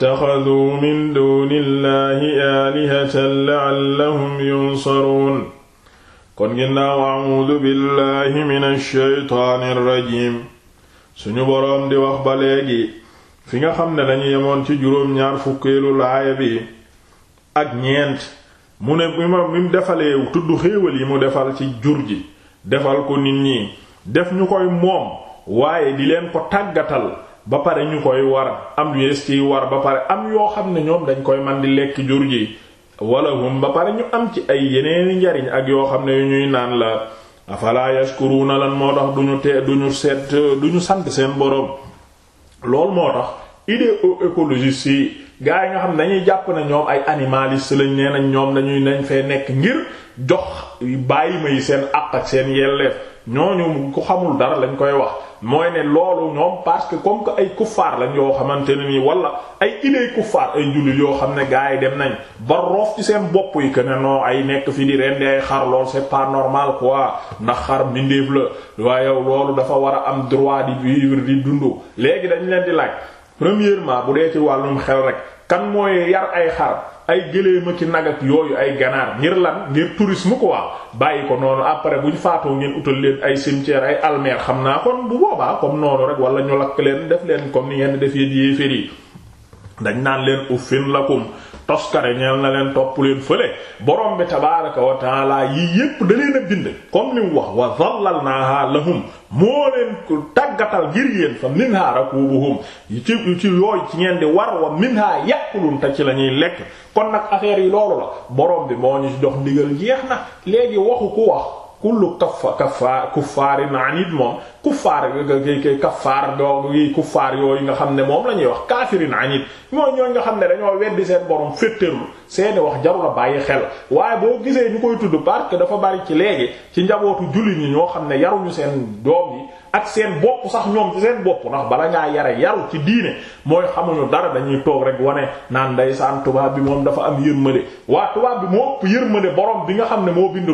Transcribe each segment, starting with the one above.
wattaxaduu min duuni llaahi aalihatan la'allahum yunsaruun kon ginnaaw acuudu billaahi min alsheytaani irrajim suñu boroom di wax ba léegi fi nga xam ne lañu yemoon ci juróom-ñaar fukkeelu laaya bi ak ñeent mu ne bi ma mi defalee tudd xéewal yi mu defal ci jur ji defal ko nit ñi def ñu koy moom waaye di leen ko tàggatal ba pare ñu koy war am yees ciy war ba pare am yoo xam ne ñoom dañ koy man di lekk jur ji wala hum ba pare ñu am ci ay yeneeni njariñ ak yoo xam ne yu ñuy naan la afala yashkuruna lan moo tax duñu te duñu seet duñu sant seen boroom loolu moo tax idée écologiste yi gaa yi nga xam ne dañuy jàpp ne ñoom ay animalistes lañ nee nañ ñoom dañuy nañ fee nekk ngir jox bàyyi may seen àq ak seen yelleef ñooñu ko xamul dara lañ koy wax mooy ne loolu ñoom parce que comme que ay kuffaar lañ yoo xamante ne nii wala ay ilay kuffaar ay jullit yoo xam ne gars yi dem nañ ba roof ci seen bopp yi que ne non ay nekk fi di rendi ay xar lool c'est pas normal quoi ndax xar mbindeef la waaye loolu dafa war a am droit di vivre di dund léegi dañ leen di laaj premièrement bu dee ci wàllum xel rek. kan mooy yar ay xar ay gëléem ak nag yooyu ay ganaar ngir lan ngir ko waa bàyyi ko noonu après bu ñu faatoo ngeen utal leen ay cimetière ay almeer xam naa kon bu boobaa comme noonu rek wala ñu lakk leen def leen comme ni ngeen defee ji feri dañ naan leen uffin lakum toskare ñeel na leen topp leen fële borom bi tabaaraka wa taala yii yépp da a bind comme ni wax wa zallalnaaha lahum moo leen ko tàggatal ngir yéen fa minha rakubuhum ci ci yooyu ci ngeen di war wa minha yàqulun te ci la ñuy lekk kon nag affaire yi loolu la borom bi moo ñu jox ndigal jeex na léegi waxu ku wax. kullu kafa kafaar kuffaarin anid moom kuffaar kaffaar doo yi kuffaar yooyu nga xam ne moom la ñuy wax kaafirin anid mooy ñooy nga xam ne dañoo weddi seen borom féttërlu seeni wax jarul a bàyyi xel waaye boo gisee ñu koy tudd parce dafa bari ci léegi ci njabootu jullit ñi ñoo xam ne yaruñu seen doom yi ak seen bopp sax ñoom ci seen bopp ndax bala ngaa yare yaru ci diine mooy xamuñu dara dañuy toog rek wane naan ndeysaan tubaab bi moom dafa am yërmande waa tubaab bi moo yërmande borom bi nga xam ne moo bind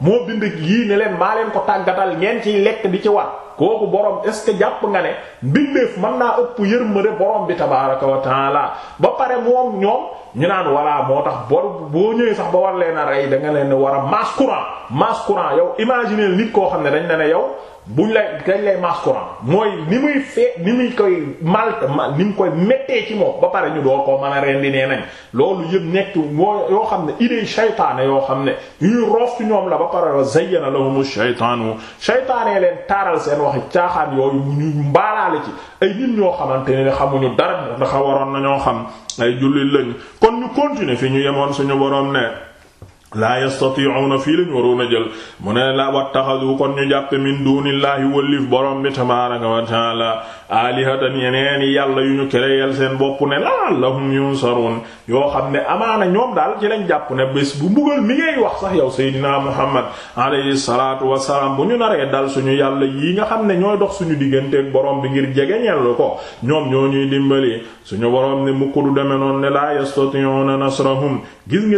moo bind yii ne leen leen ko tàggatal ngeen ciy lekk di ci wat kooku borom est-ce que jàpp nga ne mbindeef mën naa ëpp yërmande borom bi tabaaraka wa taala ba pare moom ñoom ñu naan walla moo tax bor boo ñëwee sax ba war leen a rey da nga leen war a masse courant masse courant yow imaginer nit koo xam ne dañ ne ne yow buñ lay dañ lay maas mooy ni muy fee ni muy koy malte ni mu koy méttee ci moom ba pare ñu doo koo mën a rendi nee nañ loolu yëpp nekk moo yoo xam ne idée shaytaane yoo xam ne yu ñuy roof ci ñoom la ba pare wa zayyana lahumu shaytaanu shaytaanee leen taaral seen waxi caaxaan yooyu ñu mbaalaale ci ay nit ñoo xamante ne xamuñu dara ndax waroon nañoo xam ay jullit lañ kon ñu continuer fi ñu yemoon suñu borom ne laa yastati'una fii lañu waroon a jël mu ne la wattaxadu kon ñu jàppe min dunillahi wëllif borom bi tabaaraka wa taala alihatan yeneen yàlla yu ñu kereyal seen bopp ne la'allahum yunsarun yoo xam ne amaana ñoom daal ci lañ jàpp ne bés bu mbugal mi ngay wax sax yow seydinaa muhammad alayhi salaatu wassalaam bu ñu naree daal suñu yàlla yii nga xam ne ñooy dox suñu digganteek boroom bi ngir jegeñeel ko ñoom ñoo ñuy dimbali suñu borom ne mukk du noon ne laa yastati'una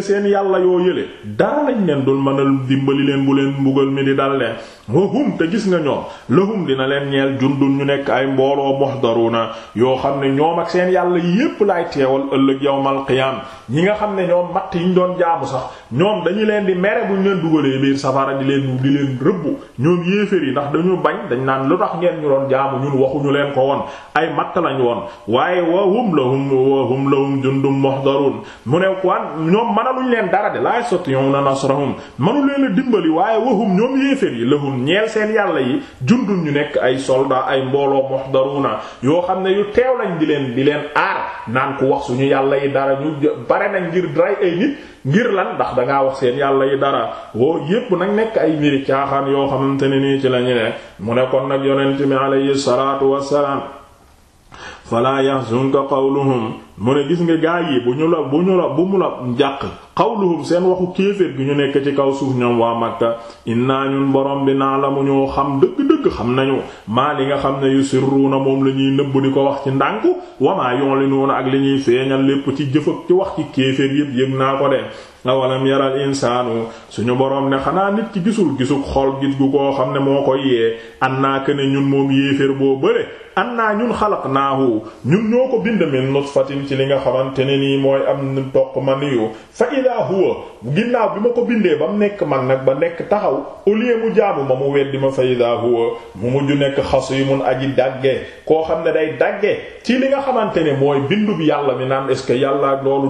seen yàlla yoo yële dara lañ leen dul mënal dimbali leen bu leen mbugal mi di dal leen wahum te gis nga ñoom lahum dina leen ñeel jundun ñu nekk ay mbooloo na yoo xam ne ñoom ak seen yàlla yépp laay teewal ëllëg yawmal qiyaam ñi nga xam ne ñoom matt yi ñu doon jaamu sax ñoom dañu leen di mere buñ leen dugalee biir safara di leen di leen rëbbu ñoom yéeféer yi ndax dañu bañ dañ naan lu tax ngeen ñu doon jaamu ñun waxuñu leen ko woon ay matt lañ woon waaye wahum lahum wahum lahum jundun muhdarun mu ne waan ñoom mënaluñ leen dara de laay yuti'una nasrahum manu leen a dimbali waaye wahum ñoom yéeféer yi lahum ñeel seen yàlla yi jundun ñu nekk ay soldat ay mbooloo na yoo xam ne yu teew lañ di leen di leen aar naan ku wax suñu yàlla yi dara ñu bare na ngir rey ay nit ngir lan ndax dangaa wax seen yàlla yi dara woo yépp nag nekk ay mbiri caaxaan yoo xamante ne nii ci lañu ne mu ne kon nag yonent mi alayhi salaatu wassalaam falaa yahzunka qawluhum mu ne gis nga gaa yi bu ñu la bu ñu la bu mu la jàq qawluhum seen waxu kéeféer gi ñu nekk ci kaw suuf ñoom waa Makka naa ñun borom bi naa la mu ñu xam dëkk dëgg xam nañu maa li nga xam ne na moom la ñuy nëbb di ko wax ci ndànk wa wamaa yu'linuuna ak li ñuy feeñal lépp ci jëf ci wax ci kéeféer yépp yëg naa ko de awalam yaral insaanu suñu boroom ne xanaa nit ki gisul gisug xol gis gu koo xam ne moo koy yee an naa ke ne ñun moom yéeféer boo bële am naa ñun xalaqnaahu ñun ñoo ko bind min nutfatin ci li nga xamante ne nii mooy am toq ma yu fa idaa huwa ginnaaw bi ma ko bindee ba mu nekk man nag ba nekk taxaw au lieu mu jaamu ma mu weddi ma fa idaa huwa mu mujj nekk xasiimun aji dagge koo xam ne day dagge ci li nga xamante ne mooy bindu bi yàlla mi naan est yàlla loolu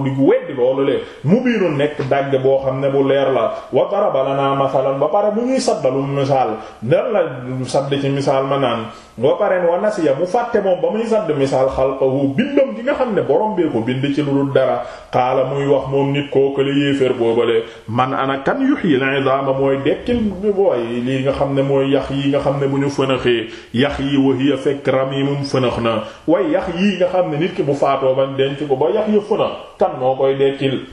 dagg boo xam ne bu leer la wa daraba lanaa masalan ba pare mu ñuy saddalum misaal nan la sadd ci misaal ma naan ba pare wa nasiya mu fàtte moom ba muy sadd misaal xalqahu bindam gi nga xam ne borom bee ko bi ci lu dul dara xaala muy wax moom nit koo kële yéeféer boobale man ana kan yuhyi al-'idama mooy dekkil booy lii nga xam ne mooy yax yi nga xam ne bu ñu fënaxee yax yi wa ya fekk ram yi moom fënax na waaye yax yi nga xam ne nit ki bu faatoo bañ denc ko ba yax ya fënax kan moo koy dekkil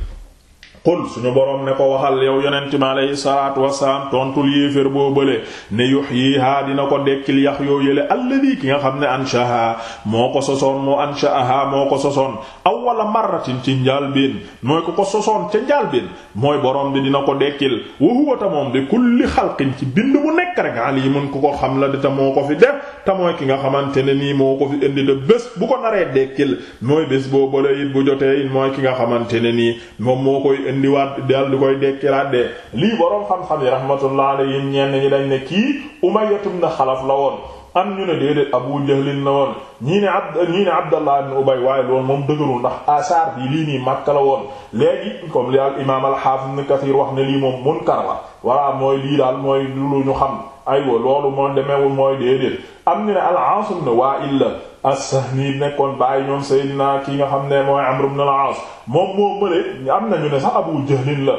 qul suñu boroom ne ko waxal yow yonent mi aleyhi salaatu wasalaam tontul yéefér boo bële ne yuhyiha dina ko dekkil yax yoo yële alladi ki nga xam ne anshaha moo ko sosoon moo anshaha moo ko sosoon awwala marratin ci njaalbeen mooy ko ko sosoon ca njaalbeen mooy boroom bi dina ko dekkil wa huwa ta moom bi kulli xalqin ci bind mu nekk rek alimun ku ko xam la di ta moo ko fi def ta mooy ki nga xamante ne nii moo ko fi indi de bés bu ko naree dekkil mooy bés boo bële it bu jotee it ki nga xamante ne nii moom moo koy indiwaat dal di koy dekkilaat de lii boroom xam-xam yi rahmatullah alayhi ñenn ñi dañ ne kii Umayyah ibn Xalaf la woon am ñu ne déedéet Abu Jahlin na woon ñii ne abd ñii ne Abdallah ibn Ubay waaye loolu moom dëgërul ndax asaar bi lii nii Makka la woon léegi comme li al imaam al-Hafiz Ibn Kathir wax ne lii moom munkar la voilà mooy lii daal mooy lu ñu xam aywa loolu moo demewul mooy déedéet am ni ne al-Aas ibn Waa'il la as nekkoon bàyyi ñoom Seydina ki nga xam ne mooy Amr ibn al moom moo mële am na ñu ne sax Abu Jahlin la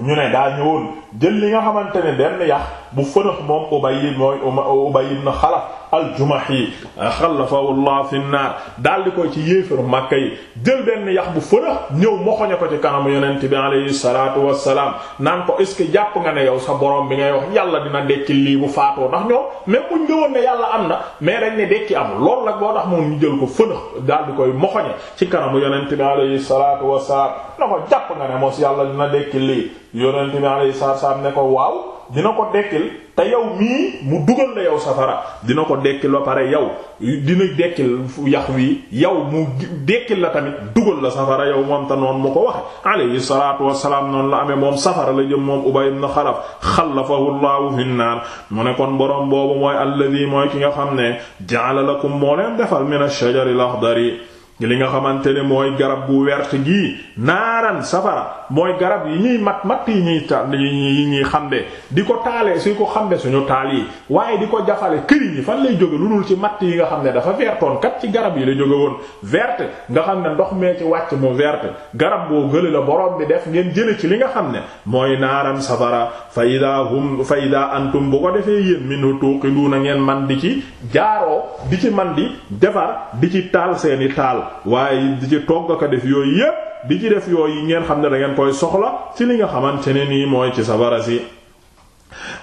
ñu ne daa ñëwoon jël li nga xamante ne benn yax bu fënax moom Ubay mooy Ubay ibn Xalaf aljumahi xalafahu llah fi naar daal di koy ci yéefar màkka yi jël benn yax bu fënax ñëw moxoñe ko ci kanamu yonent bi alayhi salaatu wassalaam naan ko est-ce que jàpp nga ne yow sa borom bi ngay wax yàlla dina dekki lii bu faatoo ndax ñoom même am na mais dañ ne dekki amul loolu nag boo tax moom ñu jël ko fënax daal di koy moxoñe ci kanamu yonent bi alayhi salaatu wassalaam na ko jàpp nga ne mos yàlla dina dekki lii yonent bi alayhi salaatu wassalaam ne ko waaw dina ko dekkil te yow mii mu dugal la yow safara dina ko dekkil la pare yow dina dekkil yax wi yow mu dekkil la tamit dugal la safara yow moom te noonu mu ko waxe alayhi salaatu wassalaam noonu la amee moom safara la jëm moom Ubay ibn Xalaf xalafahu llahu fi nnaar mu ne kon boroom boobu mooy alladi mooy ki nga xam ne ja'ala lakum moo leen defal min ash-shajari al-akhdari li nga xamante ne mooy garab gu wert gi naaran safara mooy garab yi ñuy mat mat yi ñuy ta yi ñuy xam di ko taalee suy ko xam suñu taal yi waaye di ko jafale këriñ yi fan lay jóge lu dul ci matt yi nga xam ne dafa vertoon kat ci garab yi la jóge woon verte nga xam ne ndox mee ci wàcc mu verte garab boo gële la borom bi def ngeen jële ci li nga xam ne mooy naaran safara fa ida hum fa ida antum bu ko defee yéen minu tuuqi duuna ngeen man di ci jaaroo di ci man di defar di ci taal seeni taal waaye di ci togg a ko def yooyu yépp di ci def yooyu ngeen xam ne da ngeen koy soxla ci li nga xamante ne nii mooy ci safara si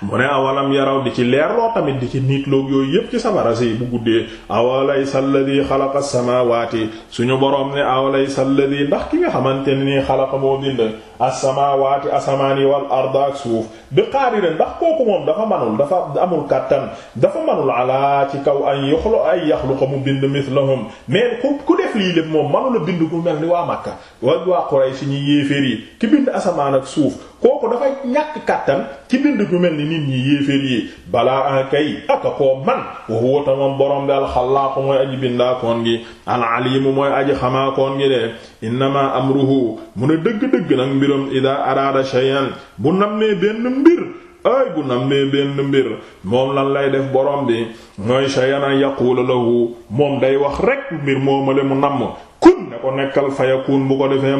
mu ne awalam yaraw di ci leerloo tamit di ci niitloog yooyu yépp ci safara si bu guddee awalaysa alladi xalaqa samaawaati suñu boroom ne awalaysa alladi ndax ki nga xamante ne nii xalaqa moo bind as-samaawaati asamaani wal arda ak suuf bi qaadirin ndax kooku moom dafa manul dafa amul kàttan dafa manul ala ci kaw an yuxlu ay yaxluqa mu bind mislahum mais ku ku def lii lépp moom manula bind ku mel ni waa Makka wa waa Quraysh ñi yéeféer yi ki bind ak suuf kooku dafa ñàkk kàttan ci bind bu mel ni nit ñi yéeféer yi balaa an kay aka koo man waxuwa tamam borom bi alxallaaku mooy aji bindaakoon gi alalimu mooy aji xamaakoon gi de innama amruhu mu ne dëgg-dëgg nag mbiram ida araada shay'an bu nam nee benn mbir ay bu nam nee benn mbir moom lan lay def borom bi mooy shay'an yaqulu lahu moom day wax rek mbir moomale mu namm ne nekkal fayakun mu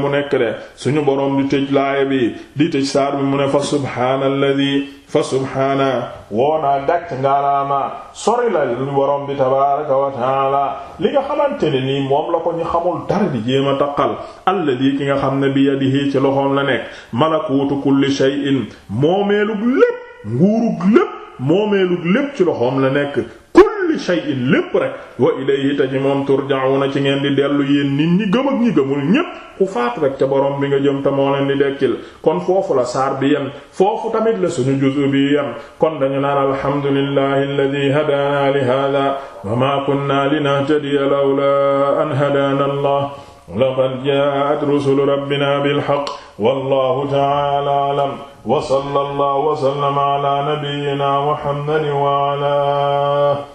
nekk suñu boroom di tëj laaya bi di tëj mu ne fa subhaanalladi fa subhaana woonaa gàcc ngaalaama sori la lu borom bi tabaraka li nga xamante ne nii moom la ko ñu xamul dara di jéem a taqal alladi ki nga xam ne bi yadihi ci loxoom la nekk malakuutu kulli shay'in moomeelug lépp nguurug lépp moomeelug lépp ci loxoom la nekk kulli shay'in lépp rek wa ilayhi ta ci moom turja'una ci ngeen di dellu yéen nit ñi gëm ak ñi gëmul ñépp ku faat rek ca borom bi nga jëm te moo leen di dekkil kon foofu la saar bi yem foofu tamit la suñu juzu bi yem kon dañu naan alhamdulillahi alladhi hadaana li hada wa ma kunna linahtadiya lawla an hadaana allah laqad jaa'at rusulu rabbina bil haqq wallahu ta'ala a'lam wa sallallahu wa sallama ala nabiyyina muhammadin wa ala